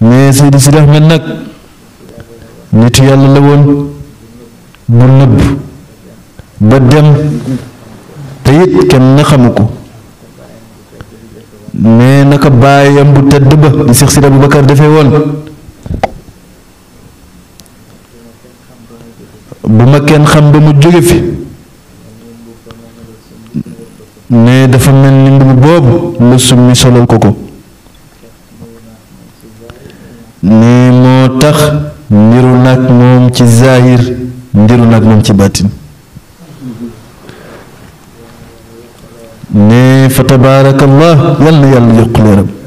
mais si Sidi Ahmed nag nitu yàlla la woon bu nëbb ba dem te kenn na xamu ko mais naka baayam bu tëdd ba di Seex Sidi Abubakar defee woon bu ma kenn xam ba mu jóge fi ne dafa mel ni mbubb boobu la summi solal ko ko ne moo tax niru nag moom ci zahir niru nag moom ci baatin ne fa tabaarakallah yal na yàlla yokk leeram